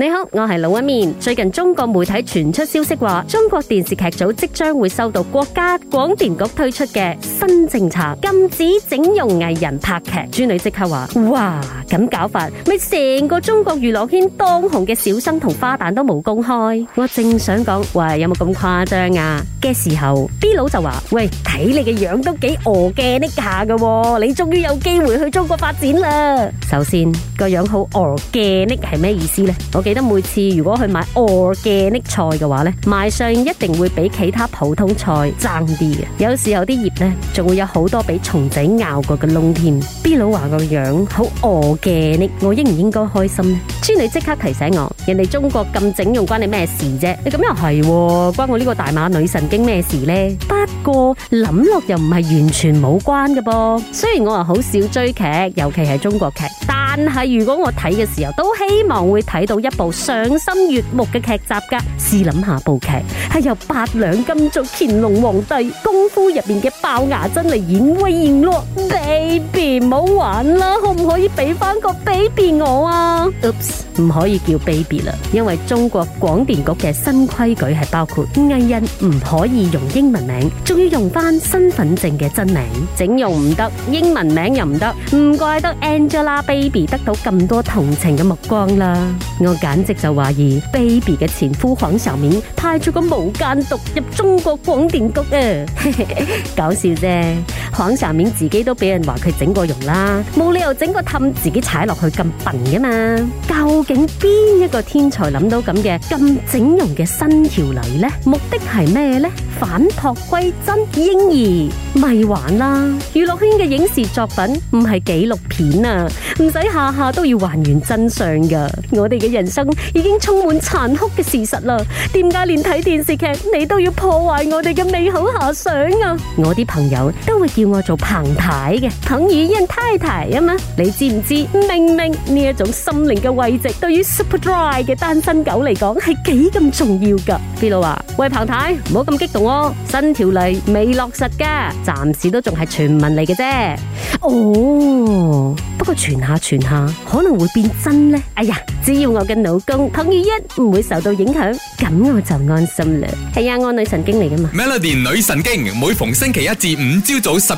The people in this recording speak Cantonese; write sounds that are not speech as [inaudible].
你好，我係老一面。最近中國媒體傳出消息話，中國電視劇組即將會收到國家廣電局推出嘅新政策，禁止整容藝人拍劇。朱女即刻話：哇，咁搞法咪成個中國娛樂圈當紅嘅小生同花旦都冇公開。我正想講話有冇咁誇張啊嘅時候，B 佬就話：喂，睇你嘅樣子都幾俄嘅叻下噶，你終於有機會去中國發展啦。首先，這個樣好俄嘅叻係咩意思呢？記得每次如果去買 organic 菜嘅話咧，賣相一定會比其他普通菜差啲嘅。有時候啲葉咧，仲會有好多俾蟲仔咬過嘅窿添。B 佬話個樣好 organic，我應唔應該開心呢？村女即刻提醒我，人哋中國咁整容關你咩事啫？你咁又係，關我呢個大馬女神經咩事咧？不過諗落又唔係完全冇關嘅噃。雖然我話好少追劇，尤其係中國劇。但係如果我睇嘅時候，都希望會睇到一部賞心悅目嘅劇集噶。試諗下部劇係由八兩金做乾隆皇帝，功夫入面嘅爆牙真嚟演威嚴咯，baby 唔好玩啦，可唔可以俾翻個 baby 我啊？Oops. 唔可以叫 Baby 啦，因為中國廣電局嘅新規矩係包括藝人唔可以用英文名，仲要用返身份證嘅真名，整容唔得，英文名又唔得，唔怪得 Angelababy 得到咁多同情嘅目光啦。我簡直就懷疑 Baby 嘅前夫黃曉明派咗個無間毒入中國廣電局啊， [laughs] 搞笑啫。網上面自己都俾人話佢整過容啦，冇理由整個氹自己踩落去咁笨噶嘛？究竟邊一個天才諗到咁嘅咁整容嘅新條例呢？目的係咩呢？反璞歸真，嬰兒咪玩啦！娛樂圈嘅影視作品唔係紀錄片啊，唔使下下都要還原真相噶。我哋嘅人生已經充滿殘酷嘅事實啦，點解連睇電視劇你都要破壞我哋嘅美好遐想啊？我啲朋友都會叫。我做彭太嘅彭宇欣太太啊嘛，你知唔知明明呢一種心靈嘅慰藉，對於 Superdry 嘅單身狗嚟講係幾咁重要噶？Philo 話：喂彭太，唔好咁激動哦，新條例未落實噶，暫時都仲係傳聞嚟嘅啫。哦，不過傳下傳下可能會變真呢。哎呀，只要我嘅老公彭宇欣唔會受到影響，咁我就安心啦。係啊，我女神經嚟噶嘛，Melody 女神經，每逢星期一至五朝早十。